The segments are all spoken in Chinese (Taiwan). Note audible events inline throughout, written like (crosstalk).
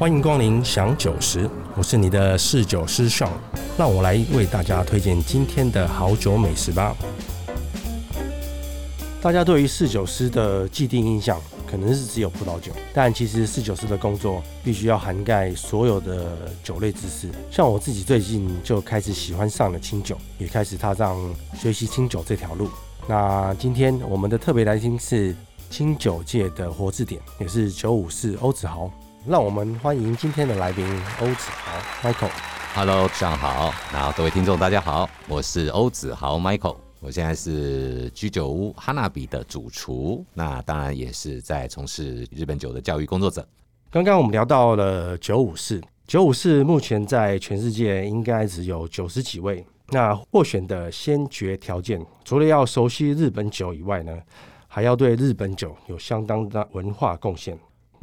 歡迎光臨享酒時。我是你的侍酒師 Sean，讓我來為大家推薦今天的好酒美食吧。大家對於侍酒師的既定印象，可能是只有葡萄酒，但其實侍酒師的工作必須要涵蓋所有的酒類知識。像我自己最近就開始喜歡上了清酒，也開始踏上學習清酒這條路。那今天我們的特別來賓是清酒界的活字典，也是酒武士歐子豪。讓我們歡迎今天的來賓歐子豪 Michael。Hello，上好，然後各位聽眾大家好，我是歐子豪 Michael。我現在是居酒屋哈納比的主廚，那當然也是在從事日本酒的教育工作者。剛剛我們聊到了酒武士，酒武士目前在全世界應該只有九十幾位。那獲選的先決條件，除了要熟悉日本酒以外呢，還要對日本酒有相當的文化貢獻。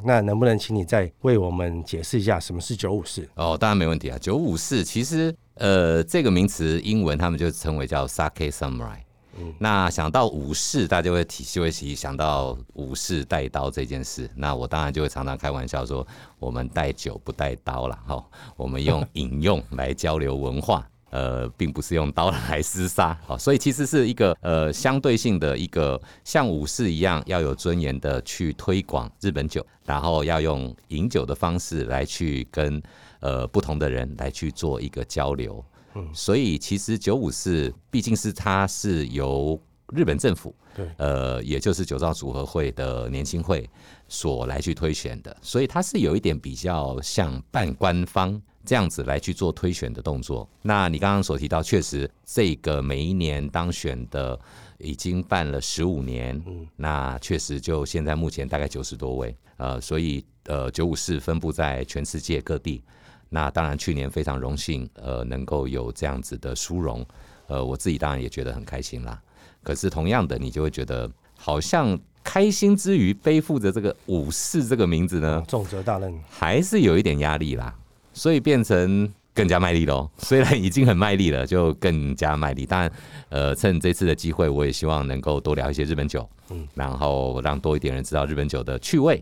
那能不能請你再為我們解釋一下什麼是酒武士？哦，當然沒問題啊。酒武士其實，呃，這個名詞英文他們就稱為叫 Sake Samurai，嗯。那想到武士，大家就會提、會起想到武士帶刀這件事。那我當然就會常常開玩笑說，我們帶酒不帶刀了哈、哦，我們用引用來交流文化。 (laughs) 呃，並不是用刀來廝殺，好、哦，所以其實是一個呃相對性的一個像武士一樣要有尊嚴的去推廣日本酒，然後要用飲酒的方式來去跟呃不同的人來去做一個交流。嗯，所以其實九五式畢竟是它是由。日本政府對，呃，也就是酒造組合會的年輕會所來去推選的，所以他是有一點比較像半官方這樣子來去做推選的動作。那你剛剛所提到，確實這個每一年當選的已經辦了十五年，嗯，那確實就現在目前大概九十多位，呃，所以呃九五四分布在全世界各地。那當然去年非常榮幸，呃，能夠有這樣子的殊榮，呃，我自己當然也覺得很開心啦。可是同樣的，你就會覺得好像開心之餘，背負着這個武士這個名字呢，重責大任，還是有一點壓力啦。所以變成更加賣力嘍。雖然已經很賣力了，就更加賣力。但呃，趁這次的機會，我也希望能夠多聊一些日本酒，嗯，然後讓多一點人知道日本酒的趣味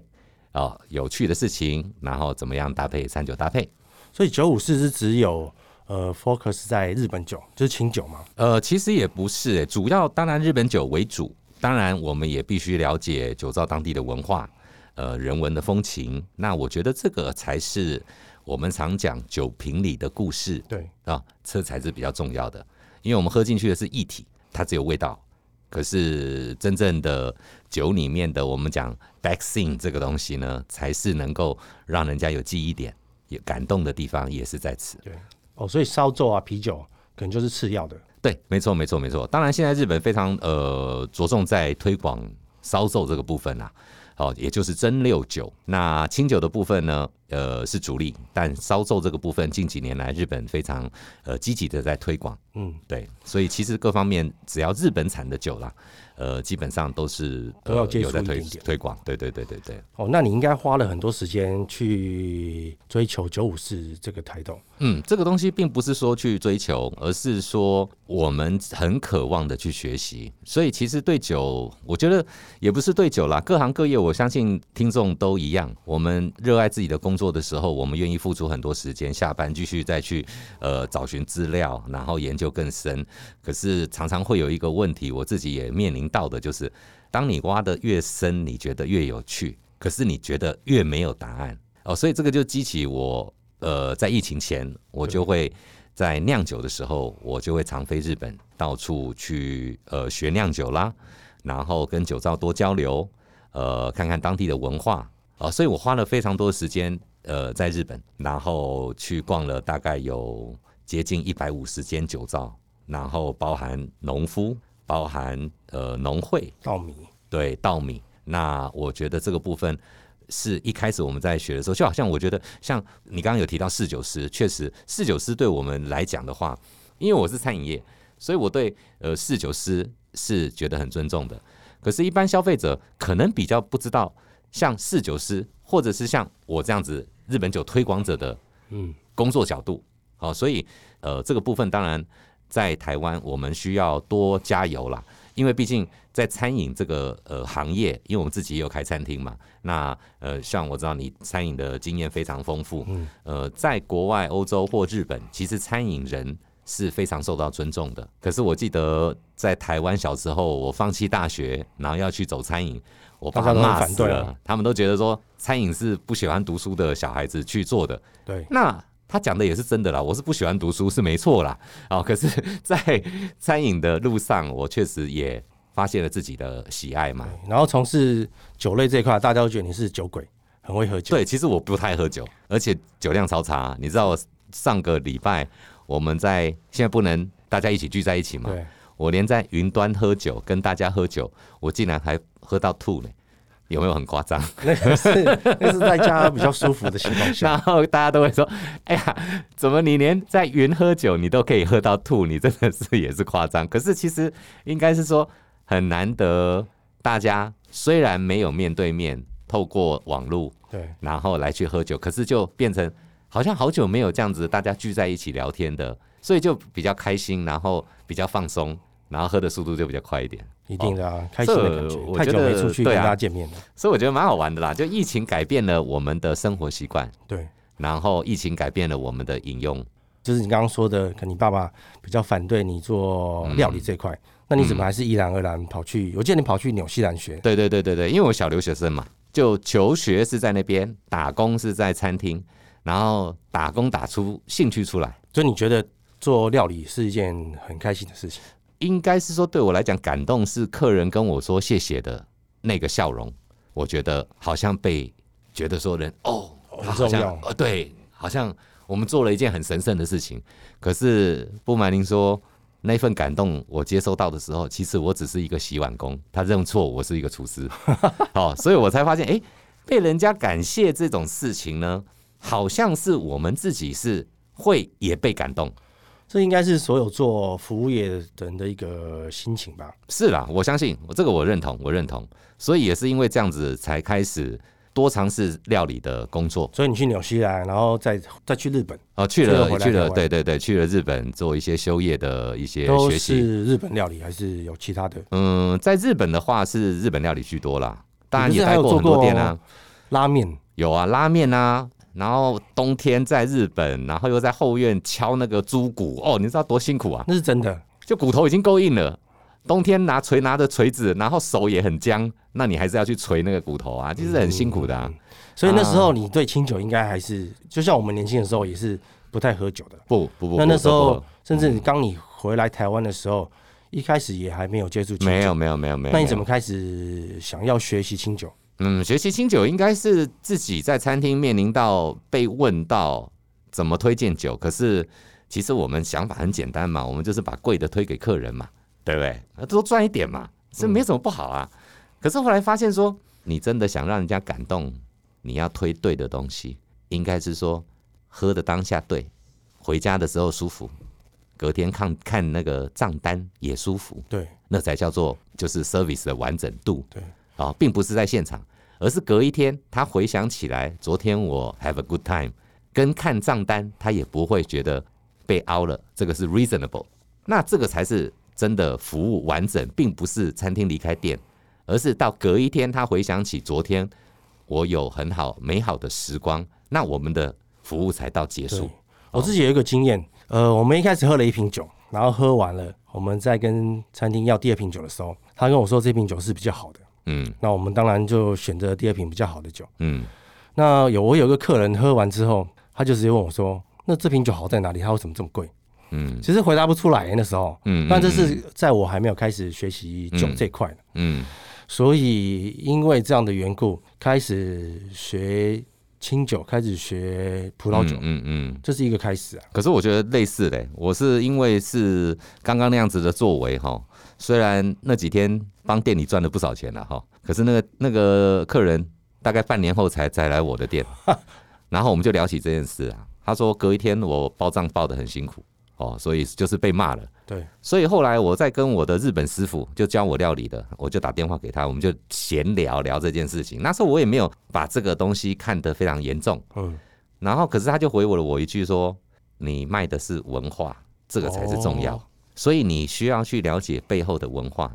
啊、哦，有趣的事情，然後怎麼樣搭配三酒搭配。所以九五四是只有。呃，focus 在日本酒就是清酒嘛？呃，其實也不是，欸，主要當然日本酒為主，當然我們也必須了解酒造當地的文化，呃，人文的風情。那我覺得這個才是我們常講酒瓶裡的故事。對啊，這才是比較重要的，因為我們喝進去的是液體，它只有味道。可是真正的酒裡面的我們講 back scene 這個東西呢，嗯、才是能夠讓人家有記憶點、有感動的地方，也是在此。對。哦，所以燒酒啊，啤酒啊，可能就是次要的。對，沒錯，沒錯，沒錯。當然，現在日本非常呃着重在推廣燒酒這個部分啊，好，哦，也就是蒸餾酒。那清酒的部分呢，呃是主力，但燒酒這個部分近幾年來日本非常呃積極的在推廣。嗯，對，所以其實各方面只要日本產的酒啦。呃，基本上都是都、呃、要接有在推點點推廣，對對對對對。哦，那你應該花了很多時間去追求酒武士這個 title。嗯，這個東西並不是說去追求，而是說我們很渴望的去學習。所以，其實對酒，我覺得也不是對酒啦，各行各業，我相信聽眾都一樣。我們熱愛自己的工作的時候，我們願意付出很多時間，下班繼續再去呃找尋資料，然後研究更深。可是常常會有一個問題，我自己也面臨。到的就是，當你挖得越深，你覺得越有趣，可是你覺得越沒有答案哦。所以這個就激起我，呃，在疫情前，我就會在釀酒的時候，我就會常飛日本，到處去呃學釀酒啦，然後跟酒造多交流，呃，看看當地的文化啊、哦。所以我花了非常多時間，呃，在日本，然後去逛了大概有接近一百五十間酒造，然後包含農夫。包含呃農會，稻米，對，稻米，那我覺得這個部分是一開始我們在學的時候，就好像我覺得像你剛剛有提到侍酒師，確實侍酒師對我們來講的話，因為我是餐飲業，所以我對呃侍酒師是覺得很尊重的。可是，一般消費者可能比較不知道像侍酒師，或者是像我這樣子日本酒推廣者的嗯工作角度，好、嗯哦，所以呃這個部分當然。在台灣，我們需要多加油啦，因為畢竟在餐飲這個呃行業，因為我們自己也有開餐廳嘛。那呃，像我知道你餐飲的經驗非常豐富，嗯，呃，在國外歐洲或日本，其實餐飲人是非常受到尊重的。可是我記得在台灣，小時候，我放棄大學，然後要去走餐飲，我爸媽都反對了，他們都覺得說餐飲是不喜歡讀書的小孩子去做的。對，那。他講的也是真的啦，我是不喜歡讀書是沒錯啦。哦，可是，在餐飲的路上，我確實也發現了自己的喜愛嘛。然後從事酒類這一塊，大家會覺得你是酒鬼，很會喝酒。對，其實我不太喝酒，而且酒量超差啊。你知道我上個禮拜我們在現在不能大家一起聚在一起嘛？對，我連在雲端喝酒跟大家喝酒，我竟然還喝到吐呢。有沒有很誇張？那是，那是在家比較舒服的情況下。 (laughs) 然後大家都會說：“哎呀，怎麼你連在雲喝酒，你都可以喝到吐？你真的是也是誇張。”可是其實應該是說很難得，大家雖然沒有面對面，透過網絡，對，然後來去喝酒，可是就變成好像好久沒有這樣子大家聚在一起聊天的，所以就比較開心，然後比較放鬆，然後喝的速度就比較快一點。一定的啊、哦，開心的感覺我覺得，太久沒出去跟大家見面了，所以、啊、我覺得蠻好玩的啦。就疫情改變了我們的生活習慣，對，然後疫情改變了我們的飲用。就是你剛剛說的，可能你爸爸比較反對你做料理這塊、嗯，那你怎麼還是毅然而然跑去？嗯、我見你跑去紐西蘭學，對對對對對，因為我小留學生嘛，就求學是在那邊，打工是在餐廳，然後打工打出興趣出來，所以你覺得做料理是一件很開心的事情？應該是說，對我來講，感動是客人跟我說謝謝的那個笑容。我覺得好像被覺得說人哦好像，很重要啊、哦。對，好像我們做了一件很神聖的事情。可是不瞞您說，那份感動我接收到的時候，其實我只是一個洗碗工。他認錯，我是一個廚師， (laughs) 哦。所以我才發現，哎、欸，被人家感謝這種事情呢，好像是我們自己是會也被感動。這應該是所有做服務業的人的一個心情吧？是啦，我相信這個我認同，我認同。所以也是因為這樣子，才開始多嘗試料理的工作。所以你去紐西蘭，然後再再去日本哦、啊，去了回來去了，對對對，去了日本做一些修業的一些學習。是日本料理還是有其他的？嗯，在日本的話是日本料理居多啦，當然也待過很多店啊，拉麵有啊，拉麵啊。然後冬天在日本，然後又在後院敲那個豬骨哦，你知道多辛苦啊？那是真的，就骨頭已經夠硬了。冬天拿錘拿着錘子，然後手也很僵，那你還是要去錘那個骨頭啊，就是很辛苦的，啊嗯。所以那時候你對清酒應該還是，啊，就像我們年輕的時候也是不太喝酒的。不不不，那那時候甚至你剛你回來台灣的時候，嗯，一開始也還沒有接觸清酒。沒有沒有沒有沒有。那你怎麼開始想要學習清酒？嗯，學習清酒應該是自己在餐廳面臨到被問到怎麼推薦酒，可是其實我們想法很簡單嘛，我們就是把貴的推給客人嘛，對不對？那多賺一點嘛，這沒什麼不好啊。嗯。可是後來發現說，你真的想讓人家感動，你要推對的東西，應該是說喝的當下對，回家的時候舒服，隔天看看那個賬單也舒服，對，那才叫做就是 service 的完整度，對。並不是在現場，而是隔一天，他回想起來，昨天我 have a good time，跟看賬單，他也不會覺得被凹了，這個是 reasonable。那這個才是真的服務完整，並不是餐廳離開店，而是到隔一天，他回想起昨天我有很好美好的時光，那我們的服務才到結束。對，我自己有一個經驗，呃，我們一開始喝了一瓶酒，然後喝完了，我們再跟餐廳要第二瓶酒的時候，他跟我說這瓶酒是比較好的。嗯，那我們當然就選擇第二瓶比較好的酒。嗯，那有我有個客人喝完之後，他就直接問我說：“那這瓶酒好在哪裡？他為什麼這麼貴？”嗯，其實回答不出來、欸、那時候。嗯，但這是在我還沒有開始學習酒這一塊，嗯，所以因為這樣的緣故，開始學。清酒，開始學葡萄酒，嗯嗯，嗯，這是一個開始啊。可是我覺得類似嘞，我是因為是剛剛那樣子的作為哈，雖然那幾天幫店裡賺了不少錢了哈，可是那個那個客人大概半年後才才來我的店。 (laughs) 然後我們就聊起這件事啊。他說，隔一天我包報賬報的很辛苦哦，所以就是被罵了。對，所以後來我在跟我的日本師傅就教我料理的，我就打電話給他，我們就閒聊聊這件事情。那時候我也沒有把這個東西看得非常嚴重，嗯。然後，可是他就回我了我一句說：“你賣的是文化，這個才是重要。哦。所以你需要去了解背後的文化。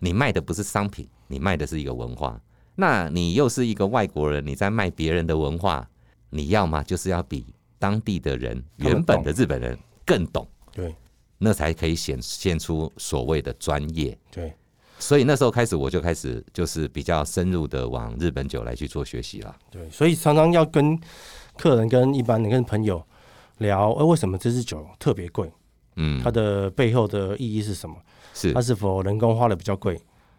你賣的不是商品，你賣的是一個文化。那你又是一個外國人，你在賣別人的文化，你要麼就是要比當地的人，原本的日本人更懂。懂。”對。那才可以顯現出所謂的專業。對，所以那時候開始，我就開始就是比較深入的往日本酒來去做學習了。對，所以常常要跟客人、跟一般人、跟朋友聊，呃、欸，為什麼這支酒特別貴？嗯，它的背後的意義是什麼？是它是否人工花的比較貴？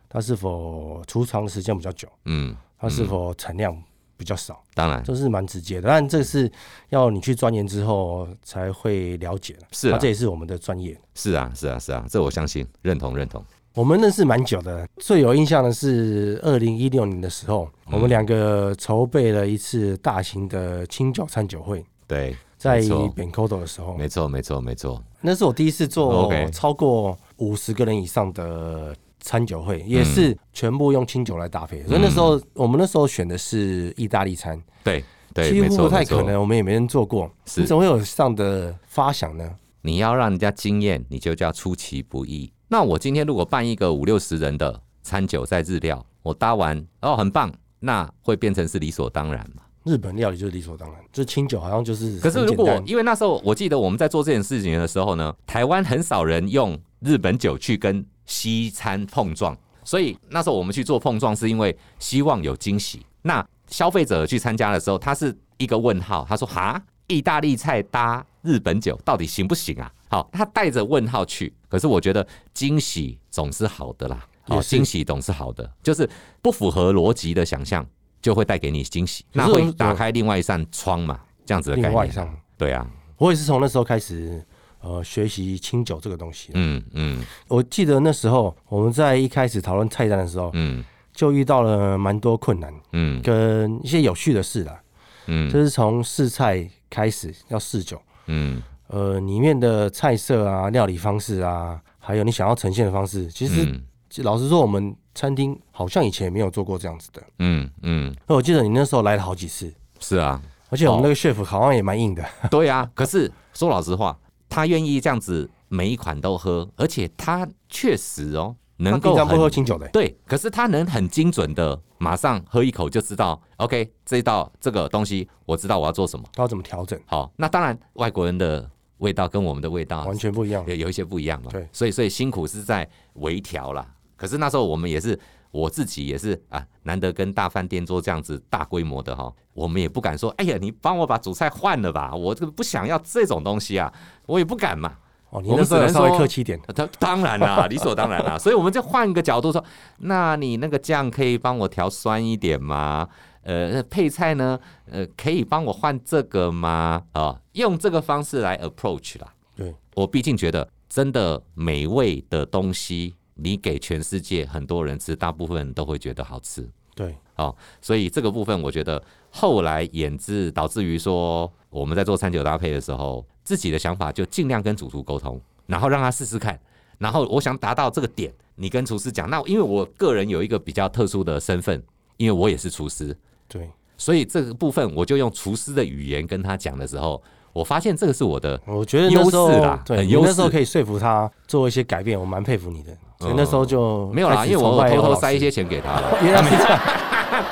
它是否儲藏的時間比較久？嗯，嗯，它是否產量？比較少，當然都、就是蠻直接的，但這是要你去鑽研之後才會了解是是、啊，這也是我們的專業。是啊，是啊，是啊，這我相信，認同，認同。我們認識蠻久的，最有印象的是二零一六年的時候，嗯、我們兩個籌備了一次大型的清酒餐酒會。對，在本 e n 的時候，沒錯，沒錯，沒錯。那是我第一次做超過五十個人以上的。餐酒會也是全部用清酒來搭配、嗯，所以那時候、嗯、我們那時候選的是意大利餐。對，對，幾乎不太可能，我們也沒人做過。是，怎麼會有這樣的發想呢？你要讓人家驚艷，你就叫出其不意。那我今天如果辦一個五六十人的餐酒在日料，我搭完哦很棒，那會變成是理所當然嘛？日本料理就是理所當然，就是清酒好像就是。可是如果因為那時候我記得我們在做這件事情的時候呢，台灣很少人用日本酒去跟。西餐碰撞，所以那時候我們去做碰撞，是因為希望有驚喜。那消費者去參加的時候，他是一個問號，他說：“哈，意大利菜搭日本酒，到底行不行啊？”好，他帶着問號去。可是我覺得驚喜總是好的啦，好，哦，驚喜總是好的，就是不符合邏輯的想象就會帶給你驚喜，那會打開另外一扇窗嘛，這樣子的概念上，對啊，我也是從那時候開始。呃，學習清酒這個東西，嗯嗯，我記得那時候我們在一開始討論菜單的時候，嗯，就遇到了蠻多困難，嗯，跟一些有趣的事啦。嗯，就是從試菜開始要試酒，嗯，呃，裡面的菜色啊、料理方式啊，還有你想要呈現的方式，其實、嗯、老實說，我們餐廳好像以前也沒有做過這樣子的，嗯嗯，那我記得你那時候來了好幾次，是啊，而且我們那個 chef 好像也蠻硬的、哦，對啊，可是說老實話。 (laughs) 他願意這樣子每一款都喝，而且他確實哦、喔、能夠不喝清酒的，對，可是他能很精準的馬上喝一口就知道，OK，這一道這個東西我知道我要做什麼，他要怎麼調整。好，那當然外國人的味道跟我們的味道完全不一樣，有有一些不一樣嘛。對，所以所以辛苦是在微調啦。可是那時候我們也是。我自己也是啊，難得跟大飯店做這樣子大規模的哈、哦，我們也不敢說，哎呀，你幫我把主菜換了吧，我這個不想要這種東西啊，我也不敢嘛。哦，我們只能稍微客氣一點。當當然啦， (laughs) 理所當然啦。所以我們就換個角度說，那你那個醬可以幫我調酸一點嗎？呃，配菜呢，呃，可以幫我換這個嗎？啊、呃，用這個方式來 approach 啦。對我畢竟覺得真的美味的東西。你給全世界很多人吃，大部分都會覺得好吃。對，哦，所以這個部分我覺得後來演製導致於說，我們在做餐酒搭配的時候，自己的想法就盡量跟主廚溝通，然後讓他試試看。然後我想達到這個點，你跟廚師講，那因為我個人有一個比較特殊的身份，因為我也是廚師。對，所以這個部分我就用廚師的語言跟他講的時候。我發現這個是我的，我覺得優勢啦，對，你那時候可以說服他做一些改變，我蠻佩服你的。所以那時候就、嗯、沒有啦，因為我偷偷塞一些錢給他了，哦、原來沒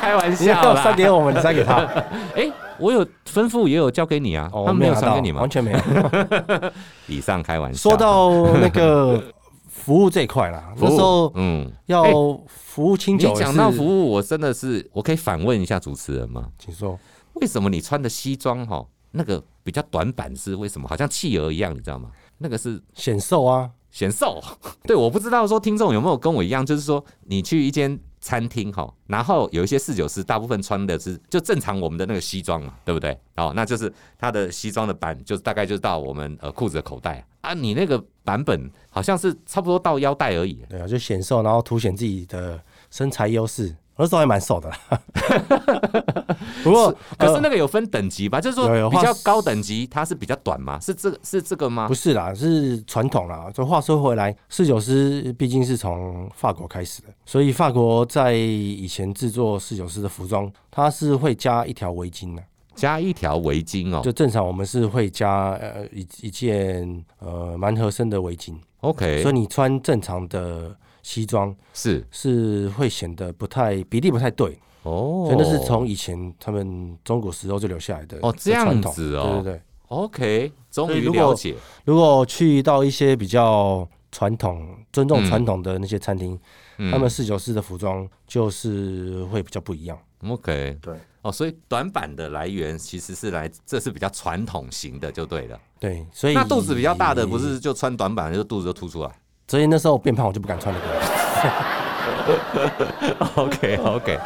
開玩笑塞給我們，你塞給他。哎 (laughs) 欸，我有吩咐，也有交給你啊，哦、他沒有塞給你嗎、哦？完全沒有， (laughs) 以上開玩笑。說到那個服務這一塊啦， (laughs) 那時候嗯，要服務清酒。講、嗯欸、到服務，我真的是，我可以反問一下主持人嗎？請說，為什麼你穿的西裝哈？那個比較短版是為什麼？好像企鵝一樣，你知道嗎？那個是顯瘦啊，顯瘦。 (laughs) 對，我不知道說聽眾有沒有跟我一樣，就是說你去一間餐廳哈，然後有一些侍酒師，大部分穿的是就正常我們的那個西裝嘛，對不對？哦、oh,，那就是他的西裝的版，就是大概就是到我們呃褲子的口袋啊。你那個版本好像是差不多到腰帶而已。對啊，就顯瘦，然後凸顯自己的身材優勢。那時候還蠻瘦的啦， (laughs) 不過是可是那個有分等級吧？就是說比較高等級，它是比較短嗎？是這個是這個嗎？不是啦，是傳統啦。這話說回來，侍酒師畢竟是從法國開始的，所以法國在以前製作侍酒師的服裝，它是會加一條圍巾的。加一條圍巾哦、喔，就正常我們是會加一、呃、一件呃蠻合身的圍巾。OK，所以你穿正常的。西裝是是會顯得不太比例不太對哦，所以那是從以前他們中國時候就留下來的哦的，這樣子哦，對對對，OK，終於了解如。如果去到一些比較傳統、尊重傳統的那些餐廳、嗯，他們四九四的服裝就是會比較不一樣。嗯、OK，對哦，所以短版的來源其實是來，這是比較傳統型的，就對了。對，所以那肚子比較大的不是就穿短版，就肚子就凸出來。所以那時候我變胖，我就不敢穿那個。 (laughs) (laughs) OK OK，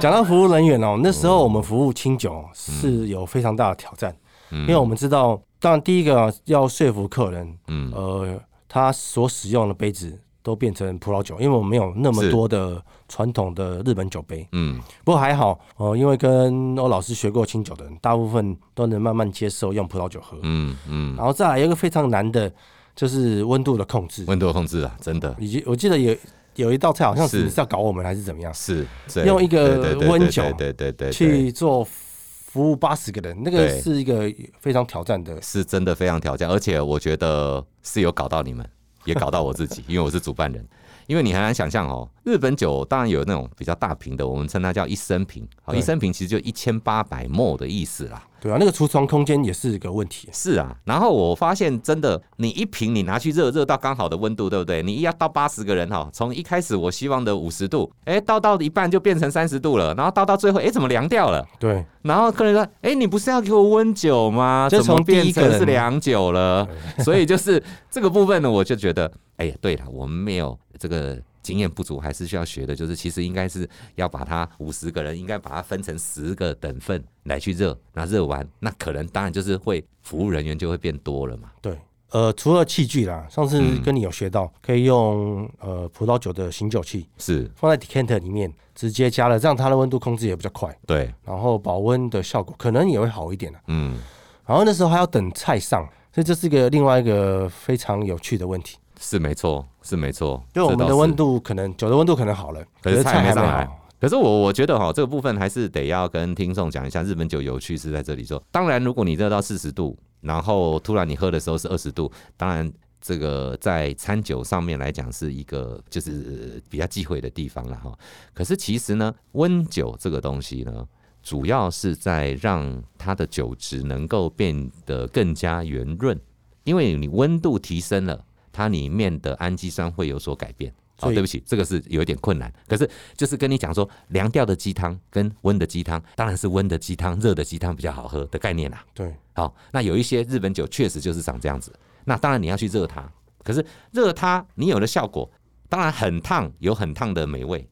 講到服務人員哦、喔，那時候我們服務清酒是有非常大的挑戰、嗯，因為我們知道，當然第一個要說服客人，嗯，呃，他所使用的杯子都變成葡萄酒，因為我們沒有那麼多的傳統的日本酒杯，嗯，不過還好哦、呃，因為跟歐老師學過清酒的人，大部分都能慢慢接受用葡萄酒喝，嗯嗯，然後再來一個非常難的。就是溫度的控制，溫度的控制啊，真的。以及我記得有有一道菜好像是要搞我們還是怎麼樣，是，是用一個溫酒個，對對對，去做服務八十個人，那個是一個非常挑戰的，是真的非常挑戰。而且我覺得是有搞到你們，也搞到我自己， (laughs) 因為我是主辦人。因為你很難想象哦、喔，日本酒當然有那種比較大瓶的，我們稱它叫一升瓶。好，一升瓶其實就一千八百毫的意思啦。對啊，那個櫥窗空間也是個問題。是啊，然後我發現真的，你一瓶你拿去熱，熱到剛好的溫度，對不對？你一要到八十個人哈，從一開始我希望的五十度，哎、欸，到到一半就變成三十度了，然後到到最後，哎、欸，怎麼涼掉了？對。然後客人說，誒、欸、你不是要給我溫酒嗎？就從第一個，怎麼變成是涼酒了， (laughs) 所以就是這個部分呢，我就覺得，哎、欸、呀，對了，我們沒有這個。經驗不足，還是需要學的，就是其實應該是要把它五十個人應該把它分成十個等份來去熱，那熱完那可能當然就是會服務人員就會變多了嘛。對，呃，除了器具啦，上次跟你有學到、嗯、可以用呃葡萄酒的醒酒器，是放在 Decanter 裡面直接加熱，這樣它的溫度控制也比較快。對，然後保溫的效果可能也會好一點，嗯，然後那時候還要等菜上，所以這是一個另外一個非常有趣的問題。是沒錯，是沒錯。就我們的溫度可能，酒的溫度可能好了，可是菜還沒上來。可是我我覺得哈，這個部分還是得要跟聽眾講一下，日本酒有趣是在這裡做。當然，如果你熱到四十度，然後突然你喝的時候是二十度，當然這個在餐酒上面來講是一個就是比較忌諱的地方了哈。可是其實呢，溫酒這個東西呢，主要是在讓它的酒質能夠變得更加圓潤，因為你溫度提升了。它裡面的氨基酸會有所改變。好、哦，對不起，這個是有一點困難。可是，就是跟你講說，涼掉的雞湯跟溫的雞湯，當然是溫的雞湯、熱的雞湯比較好喝的概念啦、啊。對，好、哦，那有一些日本酒確實就是長這樣子。那當然你要去熱它，可是熱它你有了效果，當然很燙，有很燙的美味。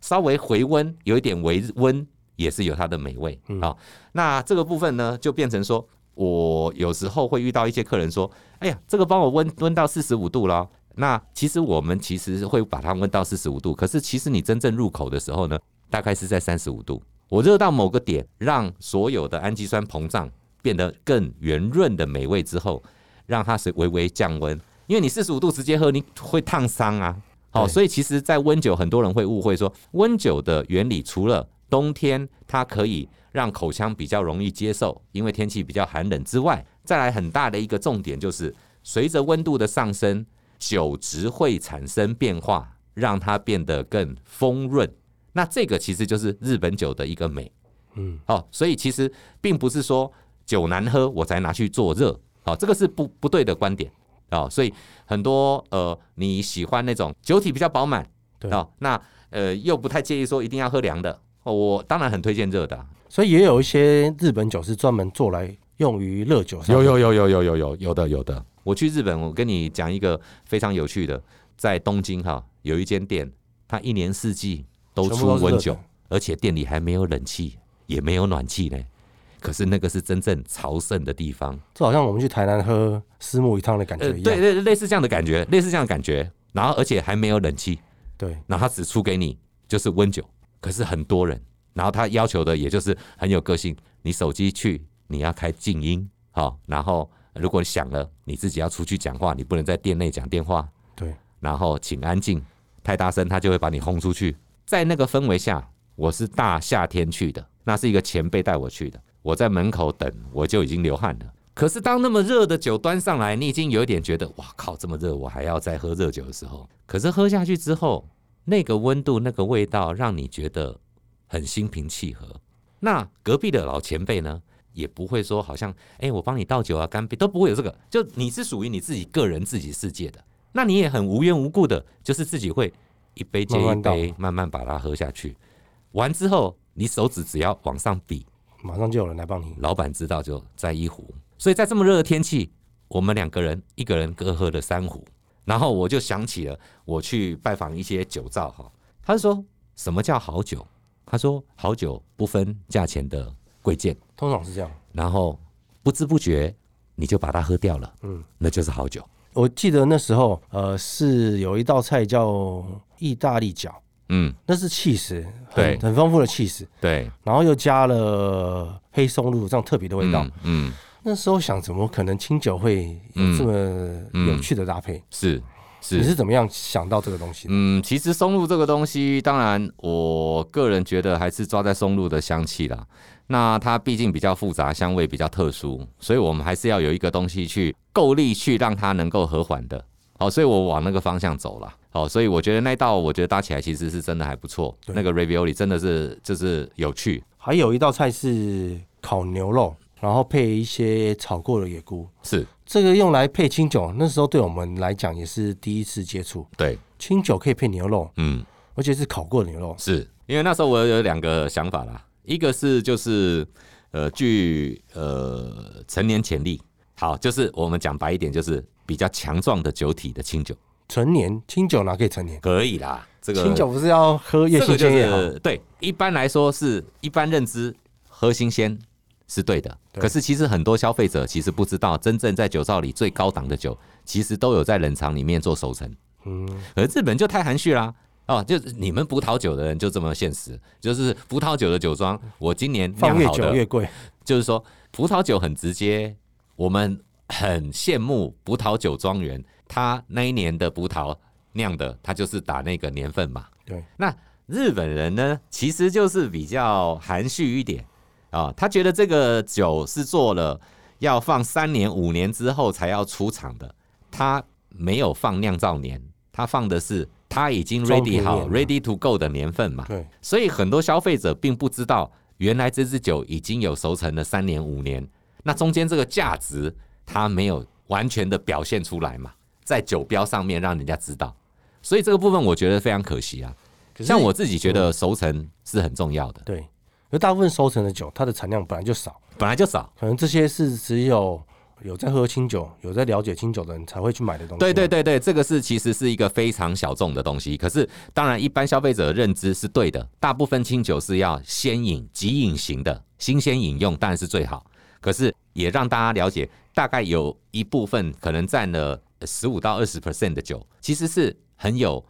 稍微回溫，有一點微溫，也是有它的美味。好、嗯，哦，那這個部分呢，就變成說。我有時候會遇到一些客人說：“哎呀，這個幫我溫溫到四十五度了。”那其實我們其實會把它溫到四十五度，可是其實你真正入口的時候呢，大概是在三十五度。我熱到某個點，讓所有的氨基酸膨脹，變得更圓潤的美味之後，讓它是微微降溫，因為你四十五度直接喝，你會燙傷啊。好，哦，所以其實，在溫酒，很多人會誤會說，溫酒的原理除了冬天，它可以。讓口腔比較容易接受，因為天氣比較寒冷之外，再來很大的一個重點就是，隨着溫度的上升，酒質會產生變化，讓它變得更豐潤。那這個其實就是日本酒的一個美，嗯，好、哦，所以其實並不是說酒難喝我才拿去做熱，好、哦，這個是不不對的觀點哦，所以很多呃你喜歡那種酒體比較飽滿啊、哦，那呃又不太介意說一定要喝涼的。我當然很推薦熱的、啊，所以也有一些日本酒是專門做來用於熱酒。有有有有有有，有，有的有的。我去日本，我跟你講一個非常有趣的，在東京哈，有一間店，它一年四季都出溫酒，而且店裡還沒有冷氣，也沒有暖氣呢。可是那個是真正朝聖的地方。這好像我們去台南喝私募一趟的感覺一樣、呃，對，類似這樣的感覺，類似這樣的感覺。然後而且還沒有冷氣，對，然後它只出給你就是溫酒。可是很多人，然後他要求的也就是很有個性。你手機去，你要開靜音，好、哦。然後如果你響了，你自己要出去講話，你不能在店內講電話。對。然後請安靜，太大聲他就會把你轟出去。在那個氛圍下，我是大夏天去的，那是一個前輩帶我去的。我在門口等，我就已經流汗了。可是當那麼熱的酒端上來，你已經有點覺得，哇靠，這麼熱，我還要再喝熱酒的時候，可是喝下去之後。那個溫度，那個味道，讓你覺得很心平氣和。那隔壁的老前輩呢，也不會說好像，哎、欸，我幫你倒酒啊，乾杯，都不會有這個。就你是屬於你自己個人自己世界的，那你也很無緣無故的，就是自己會一杯接一杯，慢慢把它喝下去慢慢，完之後，你手指只要往上比，馬上就有人來幫你。老闆知道就在一壺，所以在這麼熱的天氣，我們兩個人一個人各喝了三壺。然後我就想起了我去拜訪一些酒造哈，他說什麼叫好酒？他說好酒不分價錢的貴賤，通常是這樣。然後不知不覺你就把它喝掉了，嗯，那就是好酒。我記得那時候，呃，是有一道菜叫意大利餃。嗯，那是起司對，很豐富的起司對，然後又加了黑松露，這樣特別的味道，嗯。嗯那時候想，怎麼可能清酒會有這麼有趣的搭配？嗯嗯、是，是，你是怎麼樣想到這個東西？嗯，其實松露這個東西，當然我個人覺得還是抓在松露的香氣啦。那它畢竟比較複雜，香味比較特殊，所以我們還是要有一個東西去夠力，去讓它能夠和緩的。好，所以我往那個方向走了。好，所以我覺得那一道我覺得搭起來其實是真的還不錯。那個 Ravioli 真的是就是有趣。還有一道菜是烤牛肉。然後配一些炒過的野菇，是這個用來配清酒。那時候對我們來講也是第一次接觸。對，清酒可以配牛肉，嗯，而且是烤過的牛肉。是，因為那時候我有兩個想法啦，一個是就是呃，具呃陳年潛力，好，就是我們講白一點，就是比較強壯的酒體的清酒。陳年清酒哪可以陳年？可以啦，這個清酒不是要喝越新越好？這個就是，對，一般來說是一般認知喝新鮮。是對的，可是其實很多消費者其實不知道，真正在酒窖裡最高檔的酒，其實都有在冷藏裡面做熟成。嗯，而日本就太含蓄啦。哦，就你們葡萄酒的人就這麼現實，就是葡萄酒的酒莊，我今年釀好的，放越久越貴。就是說葡萄酒很直接，我們很羨慕葡萄酒莊園，他那一年的葡萄釀的，他就是打那個年份嘛。對，那日本人呢，其實就是比較含蓄一點。啊、哦，他覺得這個酒是做了要放三年五年之後才要出廠的，他沒有放釀造年，他放的是他已經 ready 好 ready to go 的年份嘛？對。所以很多消費者並不知道，原來這支酒已經有熟成了三年五年，那中間這個價值他沒有完全的表現出來嘛，在酒標上面讓人家知道，所以這個部分我覺得非常可惜啊。像我自己覺得熟成是很重要的。嗯、對。因為大部分收成的酒，它的產量本來就少，本來就少，可能這些是只有有在喝清酒、有在了解清酒的人才會去買的東西。對對對對，這個是其實是一個非常小眾的東西。可是當然，一般消費者認知是對的，大部分清酒是要先飲、即飲型的，新鮮飲用當然是最好。可是也讓大家了解，大概有一部分可能占了十五到二十 percent 的酒，其實是很有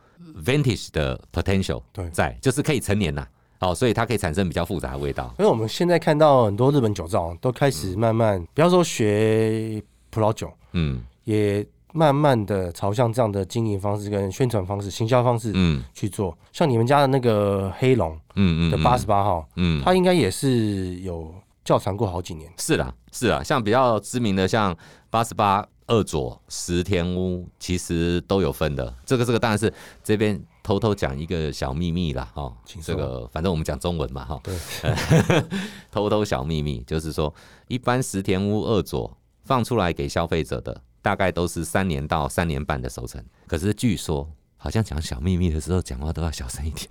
vintage 的 potential 在，對，就是可以陳年吶、啊。好、哦，所以它可以產生比較複雜的味道。因為我們現在看到很多日本酒造都開始慢慢、嗯，不要說學葡萄酒，嗯，也慢慢的朝向這樣的經營方式、跟宣傳方式、行銷方式，嗯，去做。像你們家的那個黑龍，嗯嗯，的八十八號，嗯，它應該也是有窖藏過好幾年。是啦，是啦，像比較知名的，像八十八、二左、石田屋，其實都有分的。這個這個當然是這邊。偷偷講一個小秘密啦，哈，這個反正我們講中文嘛，哈、嗯，偷偷小秘密就是說，一般石田屋二佐放出來給消費者的大概都是三年到三年半的熟成，可是據說好像講小秘密的時候講話都要小聲一點。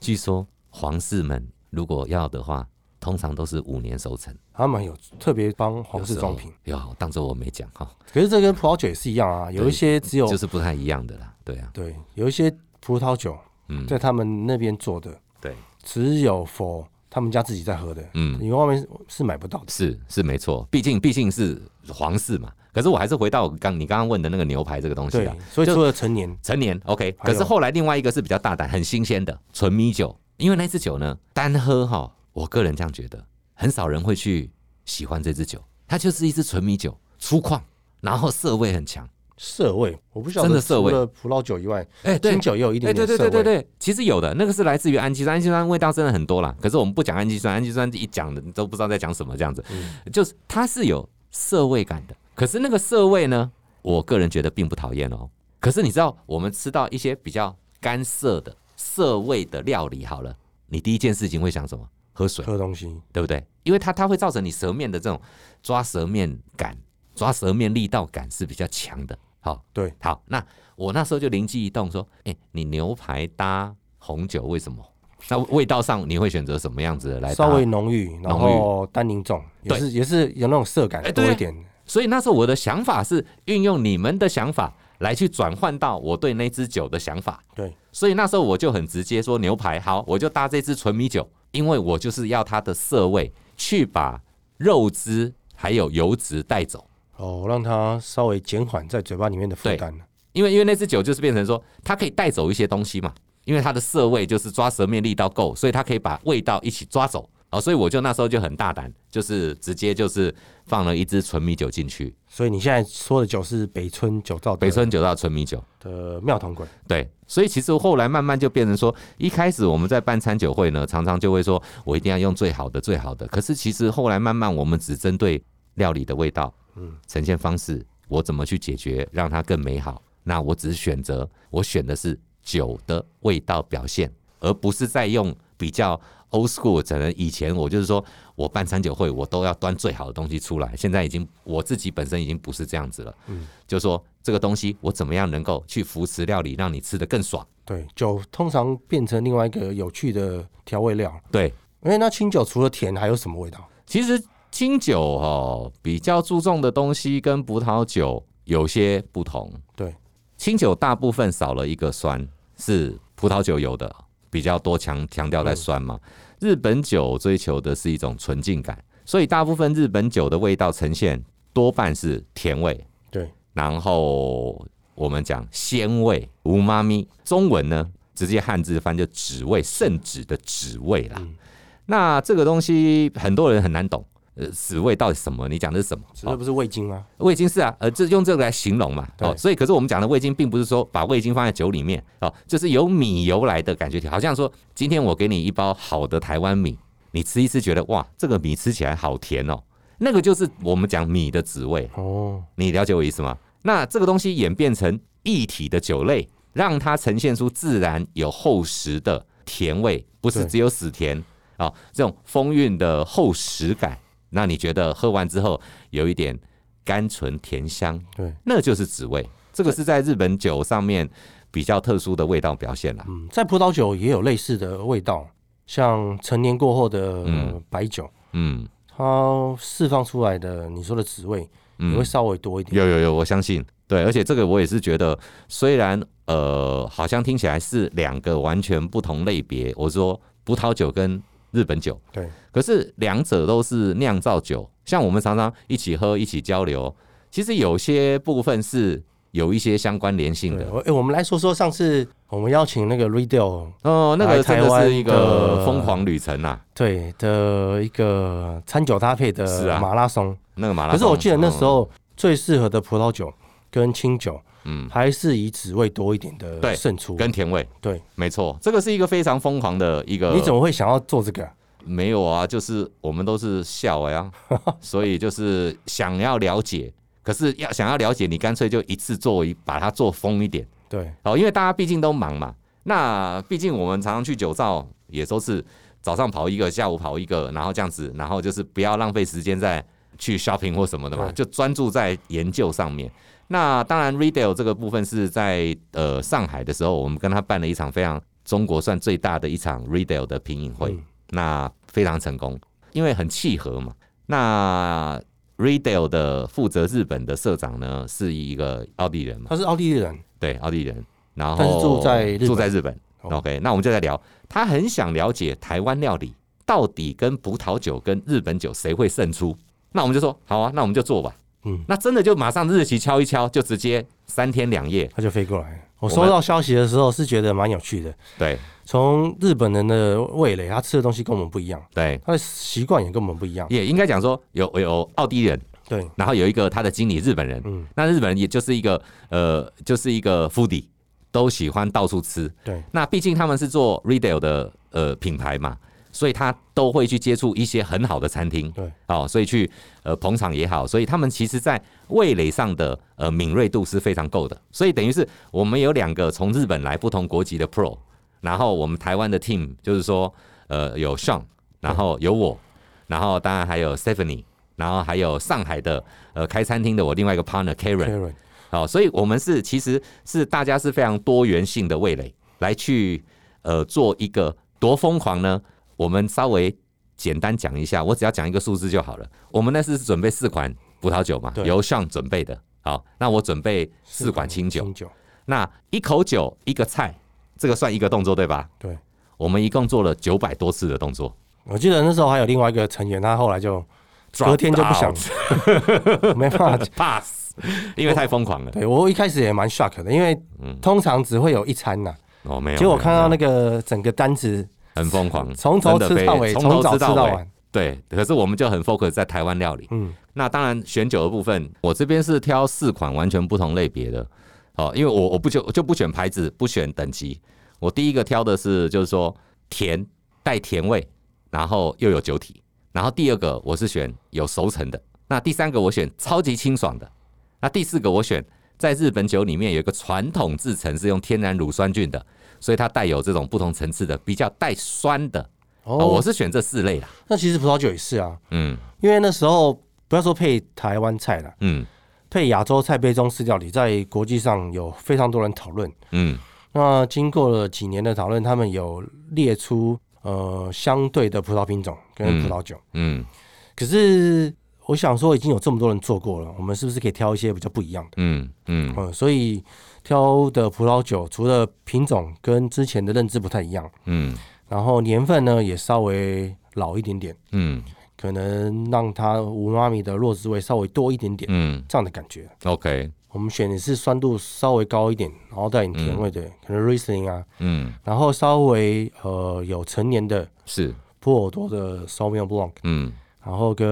據說皇室們如果要的話，通常都是五年熟成。他們有特別幫皇室裝瓶。有,有，當作我沒講哈。可是這跟葡萄酒也是一樣啊，嗯、有一些只有就是不太一樣的啦，對啊，對，有一些。葡萄酒，嗯，在他們那邊做的、嗯，對，只有 for 他們家自己在喝的，嗯，你外面是買不到的，是，是沒錯，畢竟畢竟是皇室嘛。可是我還是回到剛你剛剛問的那個牛排這個東西啊，所以除了陳年，陳年 OK，可是後來另外一個是比較大膽、很新鮮的純米酒，因為那支酒呢，單喝哈、喔，我個人這樣覺得，很少人會去喜歡這支酒，它就是一支純米酒，粗獷，然後澀味很強。澀味，我不曉得真的澀味，除了葡萄酒以外，哎、欸，甜酒也有一點澀、欸、對對對對對，對，對，其實有的那個是來自於氨基酸，氨基酸味道真的很多啦。可是我們不講氨基酸，氨基酸一講的你都不知道在講什麼這樣子。嗯、就是它是有澀味感的，可是那個澀味呢，我個人覺得並不討厭哦。可是你知道，我們吃到一些比較乾澀的澀味的料理，好了，你第一件事情會想什麼？喝水，喝東西，對不對？因為它它會造成你舌面的這種抓舌面感。抓舌面力道感是比較強的，好、哦、對，好，那我那時候就靈機一動說，哎、欸，你牛排搭紅酒為什麼？那味道上你會選擇什麼樣子的來？稍微濃郁，然後單寧重，對，也是，也是有那種澀感多一點、欸啊。所以那時候我的想法是運用你們的想法來去轉換到我對那支酒的想法。對，所以那時候我就很直接說牛排好，我就搭這支純米酒，因為我就是要它的澀味去把肉汁還有油脂帶走。哦，讓它稍微減緩在嘴巴裡面的負擔。因為因為那只酒就是變成說，它可以帶走一些東西嘛。因為它的澀味就是抓舌面力道夠，所以它可以把味道一起抓走。啊、哦，所以我就那時候就很大膽，就是直接就是放了一支純米酒進去。所以你現在說的酒是北村酒造北村酒造純米酒的妙桶館。對。所以其實後來慢慢就變成說，一開始我們在辦餐酒會呢，常常就會說我一定要用最好的最好的。可是其實後來慢慢我們只針對料理的味道。呈現方式，我怎麼去解決讓它更美好？那我只是選擇，我選的是酒的味道表現，而不是在用比較 old school。可能以前我就是說，我辦餐酒會，我都要端最好的東西出來。現在已經我自己本身已經不是這樣子了。嗯，就是說這個東西，我怎麼樣能夠去扶持料理，讓你吃得更爽？對，酒通常變成另外一個有趣的調味料。對，因為，欸，那清酒除了甜還有什麼味道？其實。清酒哦，比較注重的東西跟葡萄酒有些不同。對，清酒大部分少了一個酸，是葡萄酒有的比較多強，強強調在酸嘛。日本酒追求的是一種純淨感，所以大部分日本酒的味道呈現多半是甜味。對，然後我們講鮮味，五媽咪，中文呢直接漢字翻就旨味，聖旨的旨味啦、嗯。那這個東西很多人很難懂。呃，滋味到底什麼？你講的是什麼？這不是味精嗎？哦，味精是啊，呃，這用這個來形容嘛。哦，所以可是我們講的味精，並不是說把味精放在酒裡面哦，就是由米由來的感覺，好像說今天我給你一包好的台灣米，你吃一吃覺得哇，這個米吃起來好甜哦，那個就是我們講米的滋味哦。你了解我意思嗎？那這個東西演變成液體的酒類，讓它呈現出自然有厚實的甜味，不是只有死甜哦。這種風韻的厚實感。那你覺得喝完之後有一點甘醇甜香，對，那就是酯味。這個是在日本酒上面比較特殊的味道表現了。嗯，在葡萄酒也有類似的味道，像陳年過後的、嗯呃、白酒，嗯，它釋放出來的你說的酯味也會稍微多一點、嗯。有有有，我相信。對，而且這個我也是覺得，雖然呃，好像聽起來是兩個完全不同類別，我說葡萄酒跟日本酒，對。可是兩者都是釀造酒，像我們常常一起喝、一起交流，其實有些部分是有一些相關聯性的。哎、欸，我們來說說上次我們邀請那個 Radio 哦，那個真的是一個瘋狂旅程啊，的對的一個餐酒搭配的馬拉松是、啊。那個馬拉松，可是我記得那時候最適合的葡萄酒跟清酒，嗯，還是以滋味多一點的勝出，對跟甜味對，沒錯，這個是一個非常瘋狂的一個。你怎麼會想要做這個、啊？沒有啊，就是我們都是笑呀、啊， (laughs) 所以就是想要了解，可是要想要了解，你乾脆就一次做一，把它做瘋一點。對，好，因為大家畢竟都忙嘛。那畢竟我們常常去酒造，也都是早上跑一個，下午跑一個，然後這樣子，然後就是不要浪費時間再去 shopping 或什麼的嘛，就專注在研究上面。那當然，Riedel 這個部分是在呃上海的時候，我們跟他辦了一場非常中國算最大的一場 Riedel 的品飲會。嗯那非常成功，因為很契合嘛。那 Riedel 的負責日本的社長呢，是一個奧地利人嘛。他是奧地利人，對奧地利人。然後，但是住在日本，住在日本。哦。OK，那我們就在聊，他很想了解台灣料理到底跟葡萄酒跟日本酒誰會勝出。那我們就說好啊，那我們就做吧。嗯，那真的就馬上日期敲一敲，就直接三天兩夜他就飛過來了。我收到消息的時候是覺得蠻有趣的。對，從日本人的味蕾，他吃的東西跟我們不一樣。對，他的習慣也跟我們不一樣。也、yeah, 應該講說有有奧地利人，對，然後有一個他的經理日本人。嗯，那日本人也就是一個呃，就是一個 foodie，都喜歡到處吃。對，那畢竟他們是做 Riedel 的呃品牌嘛。所以他都會去接觸一些很好的餐廳，對，哦，所以去呃捧場也好，所以他們其實在味蕾上的呃敏銳度是非常夠的。所以等於是我們有兩個從日本來不同國籍的 Pro，然後我們台灣的 team 就是說呃有 Sean 然後有我，然後當然還有 Stephanie，然後還有上海的呃開餐廳的我另外一個 partner Karen，Karen 哦，所以我們是其實是大家是非常多元性的味蕾來去呃做一個多瘋狂呢？我們稍微簡單講一下，我只要講一個數字就好了。我們那是準備四款葡萄酒嘛，由 Sean 準備的。好，那我準備四款清酒。清酒那一口酒一個菜，這個算一個動作對吧？對，我們一共做了九百多次的動作。我記得那時候還有另外一個成員，他後來就隔天就不想，吃， (laughs) 沒辦法 pass，因為太瘋狂了。我對我一開始也蠻 shock 的，因為通常只會有一餐吶、嗯，哦沒有。結果我看到那個整個單子。哦很瘋狂，從頭吃到尾，從、欸、頭，頭，頭吃到尾。對，可是我們就很 focus 在台灣料理。嗯，那當然選酒的部分，我這邊是挑四款完全不同類別的哦、呃，因為我我不就就不選牌子，不選等級。我第一個挑的是就是說甜帶甜味，然後又有酒體，然後第二個我是選有熟成的，那第三個我選超級清爽的，那第四個我選在日本酒裡面有一個傳統製程是用天然乳酸菌的。所以它帶有這種不同層次的比較帶酸的，哦，我是選這四類啦。那其實葡萄酒也是啊，嗯，因為那時候不要說配台灣菜了，嗯，配亞洲菜、配中式料理，在國際上有非常多人討論，嗯，那經過了幾年的討論，他們有列出呃相對的葡萄品種跟葡萄酒，嗯，嗯可是。我想說已經有這麼多人做過了，我們是不是可以挑一些比較不一樣的？嗯嗯，嗯，所以挑的葡萄酒除了品種跟之前的認知不太一樣，嗯，然後年份呢也稍微老一點點，嗯，可能讓它旨味的弱酸味稍微多一點點，嗯，這樣的感覺。OK，我們選的是酸度稍微高一點，然後帶點甜味的，嗯、可能 Riesling 啊，嗯，然後稍微呃有成年的是波爾多的 Sauvignon Blanc，嗯。然後跟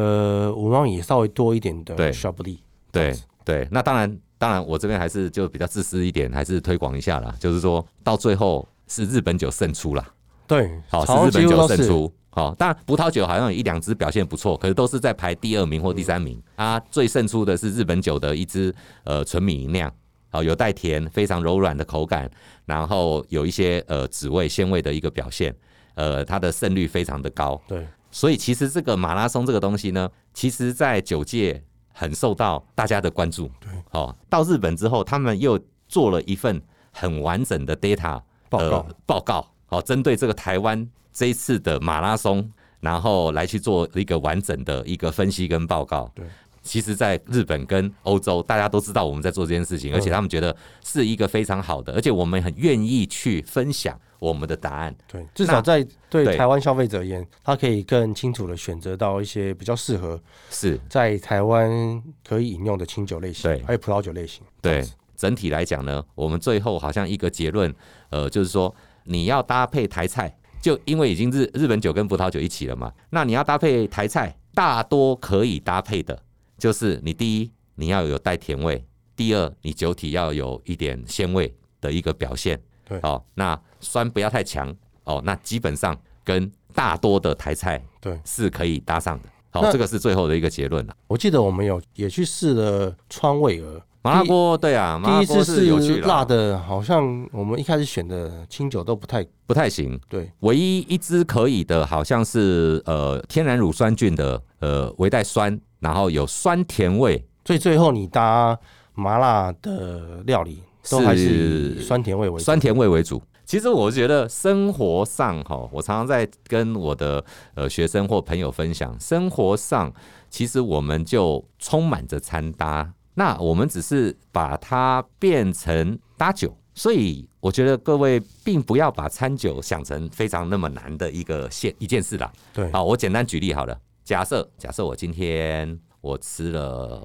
容量也稍微多一點的 leaf，對，對，不對，對。那當然，當然我這邊還是就比較自私一點，還是推廣一下啦。就是說到最後是日本酒勝出啦。對，好，是日本酒勝出，好、哦。當然葡萄酒好像有一兩支表現不錯，可是都是在排第二名或第三名、嗯、啊。最勝出的是日本酒的一支呃純米吟釀，好、呃、有帶甜，非常柔軟的口感，然後有一些呃酯味鮮味的一個表現，呃它的勝率非常的高，對。所以其實這個馬拉松這個東西呢，其實在酒界很受到大家的關注。對，哦，到日本之後，他們又做了一份很完整的 data 報告、呃、報告，哦，針對這個台灣這一次的馬拉松，然後來去做一個完整的一個分析跟報告。對，其實，在日本跟歐洲，大家都知道我們在做這件事情、嗯，而且他們覺得是一個非常好的，而且我們很願意去分享。我們的答案對，至少在對台灣消費者而言，他可以更清楚地選擇到一些比較適合是在台灣可以飲用的清酒類型，對，還有葡萄酒類型。對，整體來講呢，我們最後好像一個結論，呃，就是說你要搭配台菜，就因為已經日日本酒跟葡萄酒一起了嘛，那你要搭配台菜，大多可以搭配的就是你第一你要有帶甜味，第二你酒體要有一點鮮味的一個表現，對，好，哦，那。酸不要太強哦，那基本上跟大多的台菜對，是可以搭上的。好、哦，這個是最後的一個結論了。我記得我們有也去試了川味兒麻辣鍋，對啊，第一支是有辣的，好像我們一開始選的清酒都不太不太行。對，唯一一支可以的好像是呃天然乳酸菌的呃微帶酸，然後有酸甜味。所以最後你搭麻辣的料理都還是酸甜味為主，酸甜味為主。其實我覺得生活上哈，我常常在跟我的呃學生或朋友分享，生活上其實我們就充滿着餐搭，那我們只是把它變成搭酒，所以我覺得各位並不要把餐酒想成非常那麼難的一個現一件事啦。對，好，我簡單舉例好了，假設假設我今天我吃了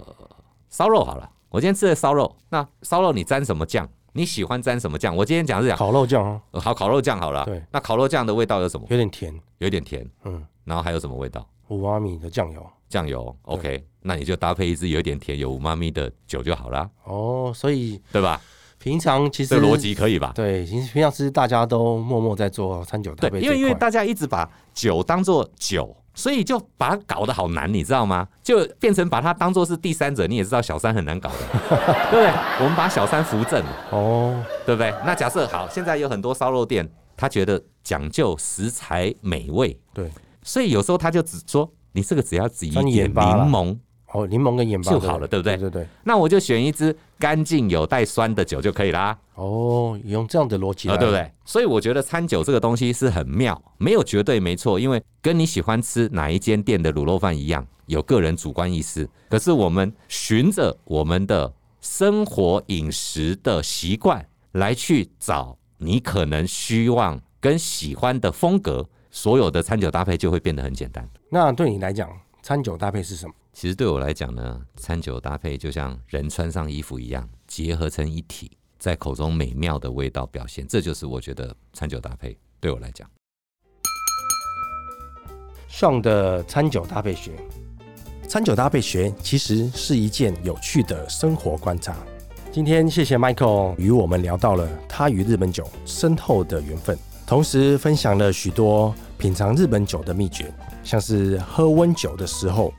燒肉好了，我今天吃了燒肉，那燒肉你沾什麼醬？你喜歡沾什麼醬？我今天講是講烤肉醬哦、啊呃，好烤肉醬好了。對，那烤肉醬的味道有什麼？有點甜，有點甜，嗯，然後還有什麼味道？五媽咪的醬油，醬油。OK，那你就搭配一支有點甜，有五媽咪的酒就好了。哦，所以對吧？平常其實邏輯可以吧？對，平平常其實大家都默默在做餐酒搭配這塊。對，因為因為大家一直把酒當做酒。所以就把它搞得好難，你知道嗎？就變成把它當作是第三者，你也知道小三很難搞的， (laughs) 對不對？我們把小三扶正了哦，對不對？那假設好，現在有很多燒肉店，他覺得講究食材美味，對，所以有時候他就只說，你這個只要擠一點檸檬。哦，檸檬跟鹽巴就好了，對不對？對，對對。那我就選一支乾淨有帶酸的酒就可以啦，啊。哦，用這樣的邏輯，哦，對不對？所以我覺得餐酒這個東西是很妙，沒有絕對沒錯，因為跟你喜歡吃哪一間店的滷肉飯一樣，有個人主觀意思。可是我們循着我們的生活飲食的習慣來去找你可能希望跟喜歡的風格，所有的餐酒搭配就會變得很簡單。那對你來講，餐酒搭配是什麼？其實對我來講呢，餐酒搭配就像人穿上衣服一樣，結合成一體，在口中美妙的味道表現，這就是我覺得餐酒搭配對我來講。Sean 的餐酒搭配學，餐酒搭配學其實是一件有趣的生活觀察。今天謝謝 Michael 與我們聊到了他與日本酒深厚的緣分，同時分享了許多品嘗日本酒的秘訣，像是喝溫酒的時候。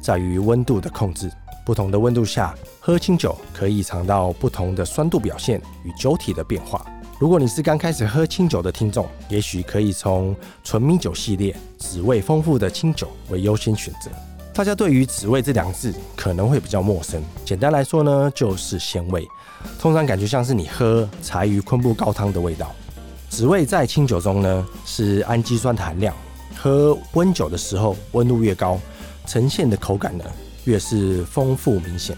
在於溫度的控制。不同的溫度下，喝清酒可以嘗到不同的酸度表現與酒體的變化。如果你是剛開始喝清酒的聽眾，也許可以從純米酒系列、滋味豐富的清酒為優先選擇。大家對於“滋味”這兩個字可能會比較陌生。簡單來說呢，就是鮮味，通常感覺像是你喝柴魚昆布高湯的味道。滋味在清酒中呢，是氨基酸的含量。喝溫酒的時候，溫度越高。呈現的口感呢，越是豐富明顯。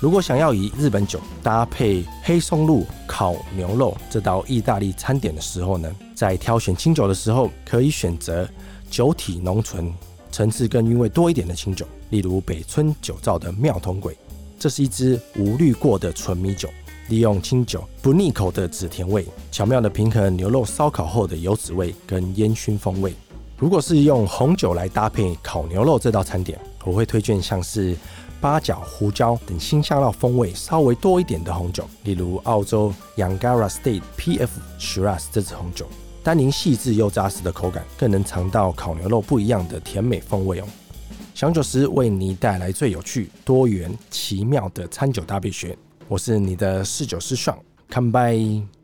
如果想要以日本酒搭配黑松露烤牛肉這道意大利餐點的時候呢，在挑選清酒的時候，可以選擇酒體濃醇、層次更韻味多一點的清酒，例如北村酒造的妙通軌。這是一支無濾過的純米酒，利用清酒不膩口的紫甜味，巧妙地平衡牛肉燒烤後的油脂味跟煙燻風味。如果是用紅酒來搭配烤牛肉這道餐點，我會推薦像是八角、胡椒等辛香料風味稍微多一點的紅酒，例如澳洲 Yangara State P F Shiraz 這支紅酒，單寧細緻又扎實的口感，更能嘗到烤牛肉不一樣的甜美風味哦。享酒師為你帶來最有趣、多元、奇妙的餐酒搭配學，我是你的侍酒師 Sean，Come by。